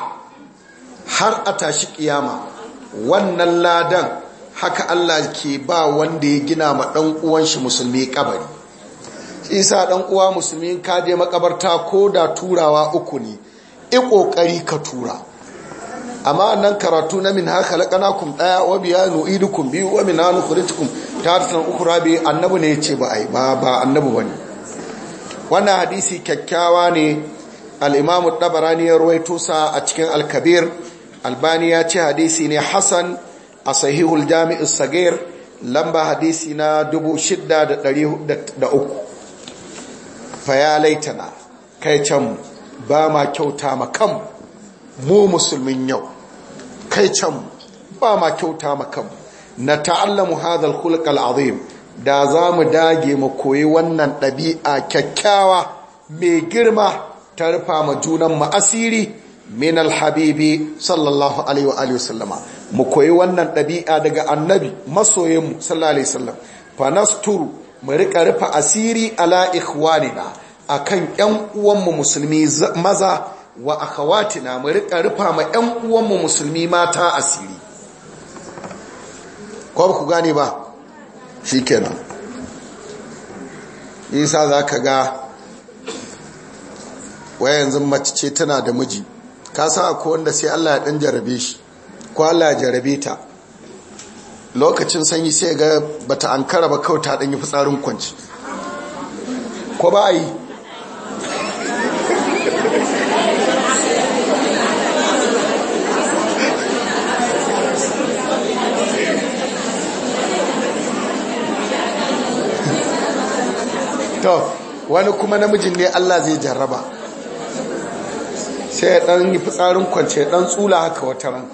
har a tashi kiyama wannan ladan haka Allah ke ba wanda ya gina ma ɗan uwan shi musulmi kabari isa ɗan uwa musulmi ka je makabarta ko da turawa uku ne i ƙoƙari ka tura amma nan karatu na min haka laƙanakun ɗaya wa biya nu'idukum biyu wa min hanu ukura ukurabi annabu ne ya ce ba a yi ba ba annabu ba wannan hadisi kyakkyawa ne al'imamu ɗabarani ya ruwaito sa a cikin alkabir albani ya ce hadisi ne hasan a sahihul jami'in sagir lamba hadisi na fa ya laitana kai can ba ma kyauta ma kan mu musulmin yau kai can ba ma kyauta ma mu na ta'allamu hadha al azim da zamu dage mu koyi wannan ɗabi'a kyakkyawa mai girma ta rufa ma junan mu asiri min al-habibi sallallahu alaihi wa alihi wasallama mu koyi wannan ɗabi'a daga annabi masoyin mu sallallahu alaihi wasallam fa nasturu mu rika rufa asiri ala ikhwanina akan ƴan mu musulmi maza wa akhawatina mu rika rufa ma ƴan mu musulmi mata asiri ko ku gane ba shi kenan isa za ka ga waya yanzu mace tana da miji ka sa ko wanda sai allah ya ɗan jarabe shi ko allah ya jarabe ta lokacin sanyi sai ga bata ankara ba kawai ta ɗan yi fitsarin kwanci ko ba a yi to wani kuma namijin ne Allah zai jarraba sai ya dan yi fitsarin kwance dan tsula haka wata ran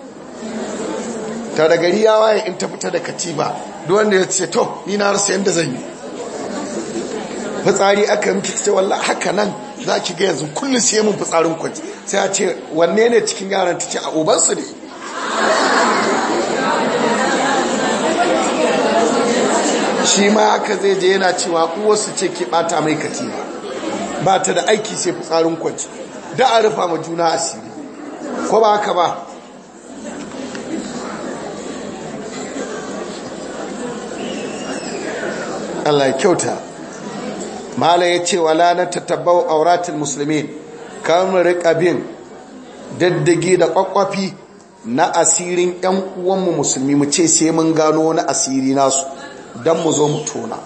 ta da gari ya waye in ta fita da katiba duk wanda ya ce to ni na rasa yanda zan yi fitsari aka miki ce wallahi haka nan zaki ga yanzu kullun sai mun fitsarin kwance sai ya ce wanne ne cikin yaran tace a uban su ne shi ma haka zai je yana cewa uwarsu ce ke bata mai katiba ba ta da aiki sai fitsarin kwanci da a rufa ma juna asiri ko ba haka ba Allah ya kyauta mala ya ce wala na tattabbau auratul musulmin kamar rikabin daddage da kwakwafi na asirin 'yan uwanmu musulmi mu ce sai mun gano na asiri nasu don mu zo mu tona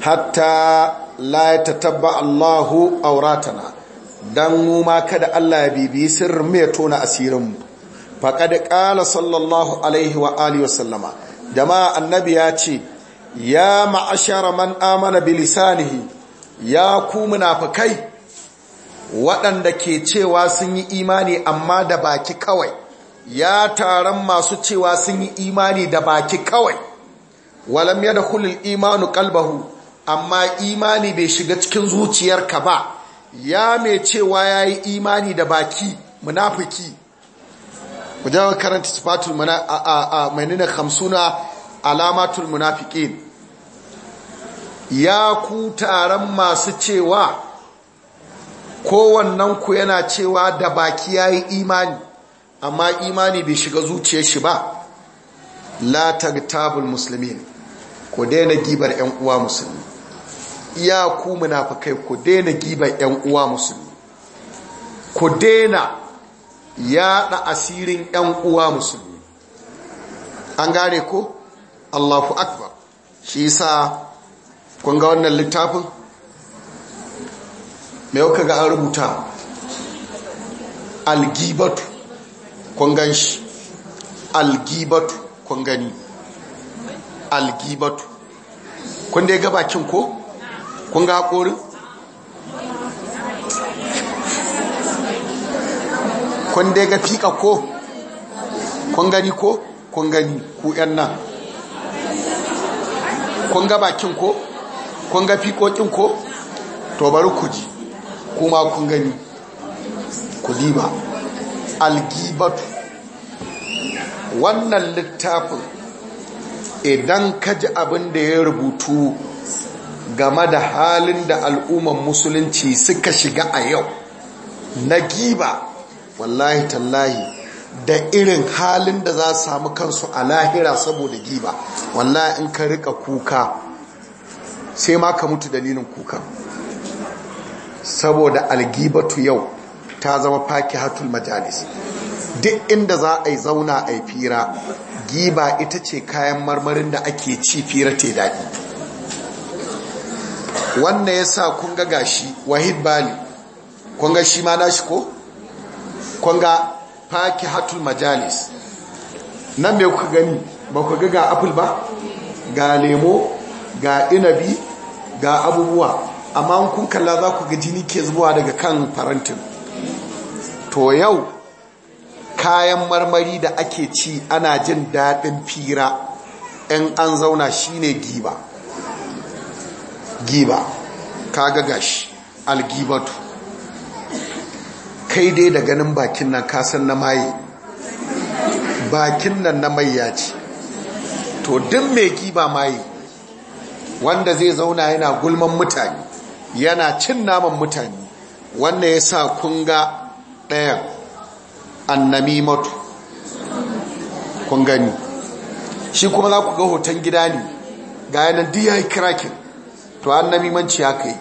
hatta la ya tattaba allahu auratana don mu ma kada allah ya bibiyi sirrin mai tona asirinmu faƙad ƙala sallallahu alaihi wa alihi wasallama da ma annabi ya ce ya ma'ashara man amana bilisanihi ya ku munafikai waɗanda ke cewa sun yi imani amma da baki kawai ya taron masu cewa sun yi imani da baki kawai walam yadkhulul imanu kalbahu, amma imani bai shiga cikin zuciyarka ba ya mai cewa ya yi imani da baki munafiki kujawa karanta sifatul mana a mainina kamsuna alamatul munafiqin ya ku taron masu cewa kowannanku ku yana cewa da baki ya yi imani amma imani bai shiga zuciyar shi ba la tagtabul muslimin ku daina gibar ‘yan uwa musulmi ya ku munafukai ku daina gibar ‘yan uwa musulmi ku daina yaɗa asirin ‘yan uwa musulmi an gane ko allahu akbar shi sa kun ga wannan littafin mai yau kaga an rubuta algibatu kun gan shi algibatu kun gani algibatu kun dai bakin ko kun ga korin? kun dai ga fika ko kun gani ko kun gani ku yan nan kun ga bakin ko kun ga fikokin ko to bari ku ji kuma kun gani ku liba algibatu wannan littafin idan ka ji abin da ya rubutu game da halin da al'umman musulunci suka shiga a yau na giba wallahi tallahi da irin halin da za samu kansu a lahira saboda giba wallahi in ka rika kuka sai ma ka mutu dalilin kuka saboda algibatu yau ta zama faki hatul majalis duk inda za a yi zauna a yi fira giba ita ce kayan marmarin da ake ci fira te daɗi wannan ya sa kunga gashi wahid bali kunga shi ma nashi ko? kunga faki hatul majalis nan mai kuka gani ba ku ga ga apple ba ga lemo ga inabi ga abubuwa amma kun kalla za ku ga jini ke zuwa daga kan farantin to yau kayan marmari da ake ci ana jin daɗin fira in an zauna shine giba giba kaga gashi algibatu kai dai da ganin bakin nan kasan na maye bakin nan na mai ya ce to duk mai giba maye wanda zai zauna yana gulman mutane yana cin naman mutane wanda ya sa kunga ɗayan annamimatu kun gani shi kuma za ku ga hoton gida ne ga yanar diya kirakin to annamimanci ya kai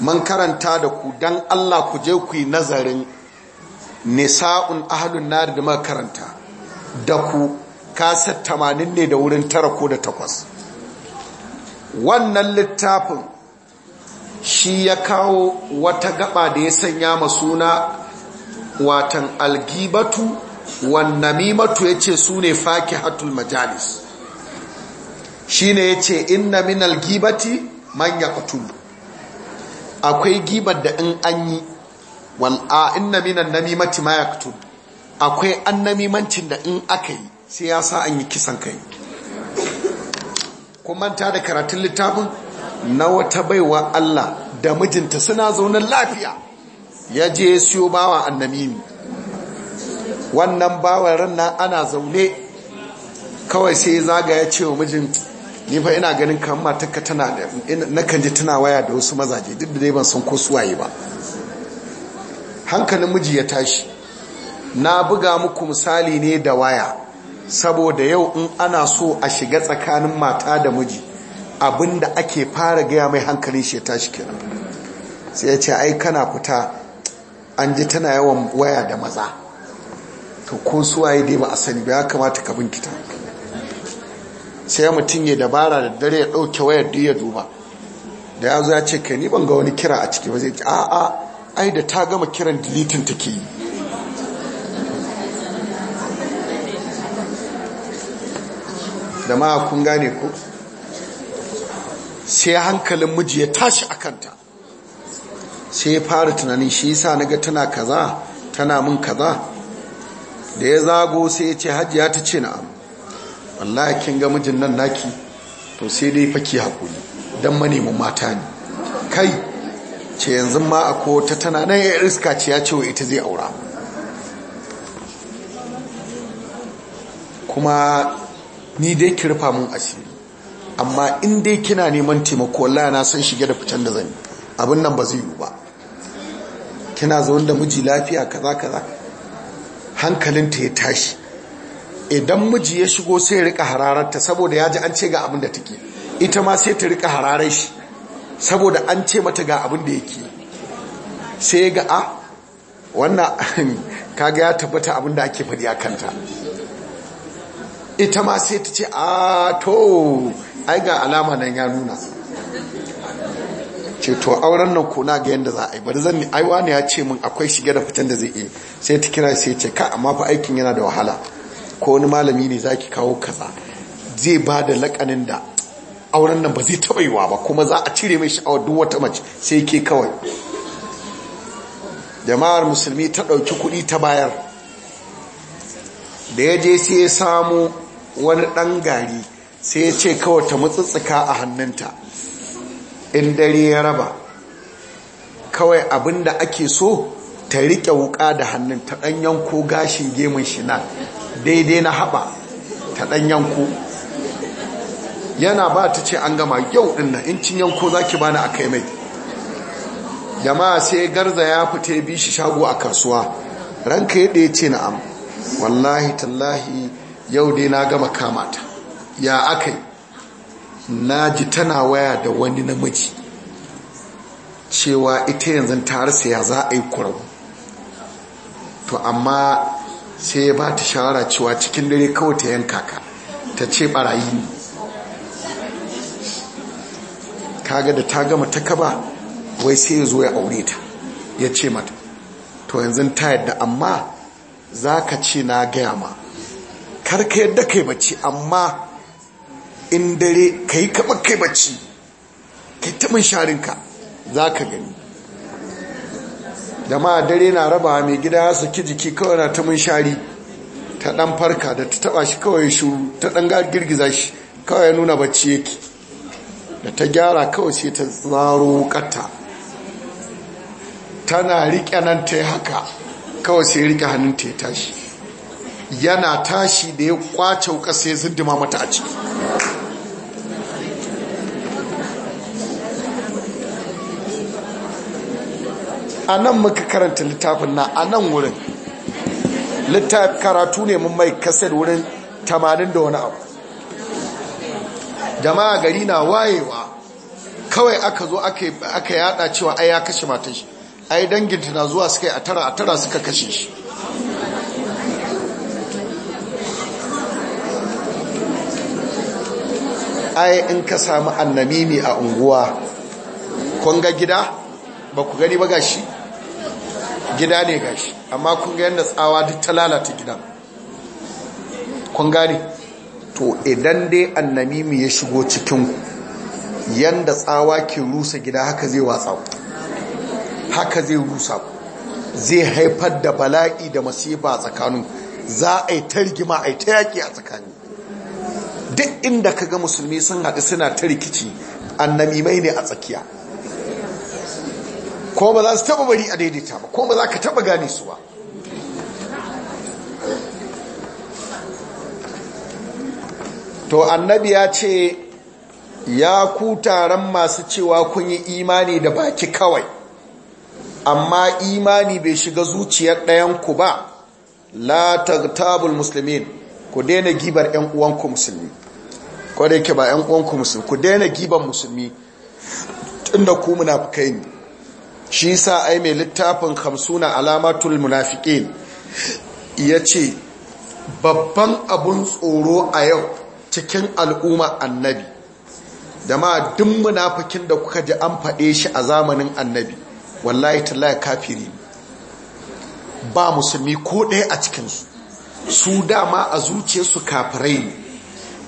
man karanta da ku don Allah ku je ku yi nazarin nisa'un ahalun nari da maka karanta da ku kasar tamanin ne da wurin tara ko da takwas wannan littafin shi ya kawo wata gaba da ya sanya suna. watan algibatu wan namimatu yace faki fakihatul majalis shine yace inna min algibati man yaqtul akwai gibar da in an yi wal a inna min namimati ma yaqtul akwai an namimancin da in aka yi sai ya sa an yi kisan kai kun manta da karatun littafin na wata baiwa Allah da mijinta suna zaunar lafiya ya je siyo bawa annamimi wannan bawa ranna ana zaune kawai sai zaga ya ce wa mijin nifa ina ganin kan matarka tana da na kan ji tana waya da wasu mazaje duk da dai ban san ko suwaye ba hankalin miji ya tashi na buga muku misali ne da waya saboda yau in ana so a shiga tsakanin mata da miji abinda ake fara gaya mai hankalin shi ya tashi kenan sai ya ce ai kana fita an ji tana yawan waya da maza to ko suwaye dai ba a sani ba ya kamata ka binkita sai mutum ya dabara da dare ya ɗauke wayar da ya duba da ya zo ya ce kai ni ban ga wani kira a ciki ba zai ce a'a ai da ta gama kiran dilitin take yi da ma kun gane ku? sai hankalin miji ya tashi a kanta sai ya fara tunanin shi yasa naga tana kaza tana mun kaza da ya zago sai ya ce hajiya ta ce na amu wallahi kin ga mijin nan naki to sai dai faki hakuri don manemin mata ne kai ce yanzu ma a kowata ta tana nan ya riska ce ya ce wa ita zai aura kuma ni dai ki rufa mun asiri amma in dai kina neman taimako wallahi na san shige da fitan da zan abin nan ba zai yi ba kina zaune da miji lafiya kaza kaza hankalinta ya tashi idan miji ya shigo sai rika harararta saboda ya ji an ce ga abin da take ita ma sai ta rika hararar shi saboda an ce mata ga abin da yake sai ga a ah, wannan kaga ya tabbata abin da ake faɗi a kanta ita ma sai ta ce a ah, to ai ga alama nan ya nuna ce to auren nan ko ga yadda za a yi bari zan aiwa ne ya ce min akwai shige da fitan da zai yi sai ta kira sai ce ka amma fa aikin yana da wahala ko wani malami ne zaki kawo kaza zai ba da lakanin da auren nan ba zai taba yiwa ba kuma za a cire mai sha'awar duk wata mace sai ke kawai jama'ar musulmi ta ɗauki kuɗi ta bayar da ya je sai ya samu wani ɗan gari sai ya ce kawai ta mutsutsuka a hannunta in dare ya raba kawai abinda ake so ta riƙe wuƙa da hannun ta ɗan yanko gashin gemun shi na daidai na haɓa ta ɗan yanko yana ba ta ce an gama yau ɗin in cin yanko zaki ki bani a kai mai jama'a sai garza ya fita ya bi shi shago a kasuwa ranka ya ɗaya ce na'am wallahi tallahi yau dai na gama kamata ya aka na ji tana waya da wani namiji cewa ita yanzu ta rasa ya za a yi kurau to amma sai ya ba ta shawara cewa cikin dare kawai ta yanka ka ta ce barayi ne kaga da ta gama ta kaba wai sai ya zo ya aure ta ya ce mata to yanzu ta yadda amma za ka ce na gaya ma karka yadda kai mace amma in dare ka yi kaɓa kai bacci ka yi taɓin sharinka za ka gani jama'a dare na raba mai gida ya saki jiki kawai na ta shari ta ɗan farka da ta taɓa shi kawai shuru ta ɗan girgiza shi kawai ya nuna bacci yake da ta gyara kawai sai ta tsaro ƙata tana riƙe nan ta yi haka kawai sai riƙe hannun ta ya tashi yana tashi da ya kwace wuka ya zindima mata a ciki a nan muka karanta littafin na a nan wurin Littafi karatu ne mun mai kasar wurin tamanin da wani abu jama'a gari na wayewa kawai aka zo aka yada cewa ai ya kashe matan shi ai danginta na zuwa suka yi a tara a tara suka kashe shi ai in ka samu annamimi a unguwa kwanga gida ba ku gani ba gashi gida ne gashi amma kun ga yadda tsawa duk ta lalata gidan kun gane to idan dai annamimi ya shigo cikin yadda tsawa ke rusa gida haka zai watsa ku, haka zai rusa ku, zai haifar da bala'i da masifa tsakanin za a yi ta a yi ta yaƙi a tsakani duk inda ka ga musulmi sun haɗu suna ta rikici annamimai ne a tsakiya ko ba za su taba bari a daidaita ba ko ba za ka taba gane su ba to annabi ya ce ya ku taron masu cewa kun yi imani da baki kawai amma imani bai shiga zuciyar ɗayanku ba la tagtabul muslimin ku daina gibar ƴan uwanku musulmi ko da ba ƴan uwanku musulmi ku daina gibar musulmi tunda ku munafikai ne shi sa ai mai littafin hamsuna alamatul munafiqin ya ce babban abun tsoro a yau cikin al'umma annabi da ma duk munafikin da kuka ji an faɗe shi a zamanin annabi wallahi tallahi kafiri ba musulmi ko ɗaya a cikinsu su dama a zuciyarsu kafirai ne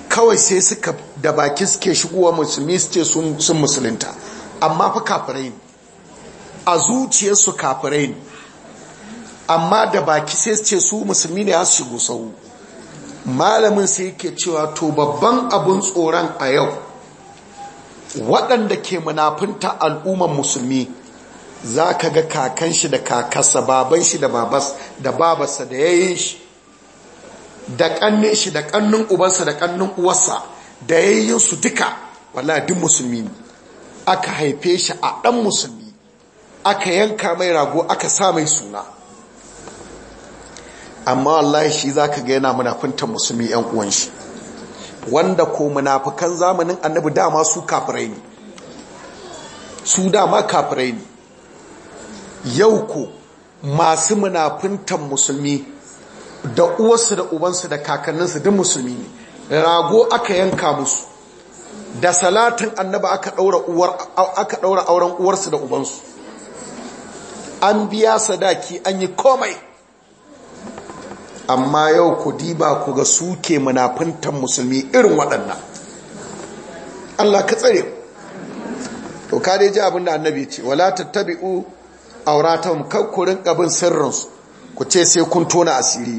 kawai sai suka da baki suke shigowa musulmi su ce sun musulunta amma fa kafirai ne a zuciyarsu kafirai ne amma da baki sai su ce su musulmi ne ya shigo sau malamin sai yake cewa to babban abin tsoron a yau waɗanda ke munafinta al'umman musulmi za ka ga kakan shi da kakasa baban shi da babas da babasa da yayin shi da ƙannin shi da ƙannin ubansa da ƙannin uwarsa da ya yin su duka wala din musulmi aka haife shi a ɗan musulmi aka yanka mai rago aka sa mai suna amma wallahi shi za ka ga yana munafinta musulmi yan uwan shi wanda ko munafukan zamanin annabi dama su kafirai ne su dama kafirai ne yau ko masu munafuntan musulmi da uwarsu da ubansu da kakanninsu duk musulmi ne rago aka yanka musu da salatin annaba aka ɗaura auren uwarsu da ubansu an biya sadaki an yi komai amma yau ku diba ku ga suke munafuntan musulmi irin waɗannan Allah ka tsare to ka dai ji abin da annabi ce wala tattabi'u auratan kan ku rinka bin sirrinsu ku ce sai kun tona asiri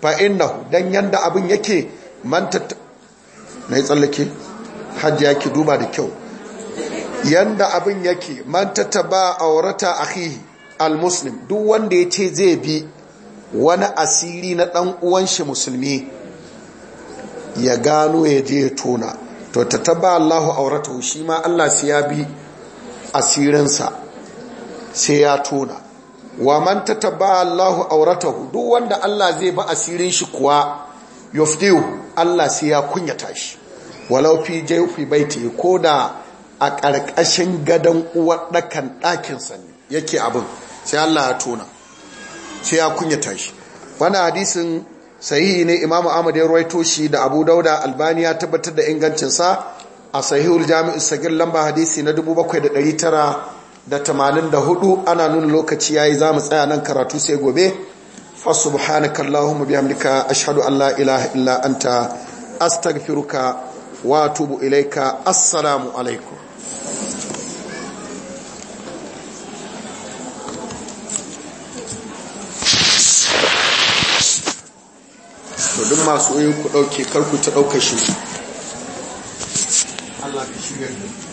fa na dan yadda abin yake man na yi tsallake hajji yake duba da kyau Yadda abin yake man ba aurata akihi al-muslim duk wanda ya ce zai bi wani asiri na dan uwan shi musulmi ya gano ya je ya tona to ta taba Allahu auratahu shi ma Allah sai ya bi asirinsa sai ya tona wa man taba Allahu auratahu duk wanda Allah zai ba asirin shi kuwa yufdihu Allah sai ya kunyata shi walau fi jayfi baiti koda a ƙarƙashin gadon uwar ɗakan dakin sa ne yake abin sai Allah ya tona sai ya kunyata shi wannan hadisin sahihi ne Imam Ahmad ya rawaito shi da Abu Dauda Albani ya tabbatar da ingancin sa a Sahihul Jami' Sagir lamba hadisi na 7984 ana nuna lokaci yayi zamu tsaya nan karatu sai gobe fa subhanaka allahumma bihamdika ashhadu an la ilaha illa anta astaghfiruka wa atubu ilaika assalamu alaikum to duk masu yi ku dauke karku ta daukar shi Allah ka shirya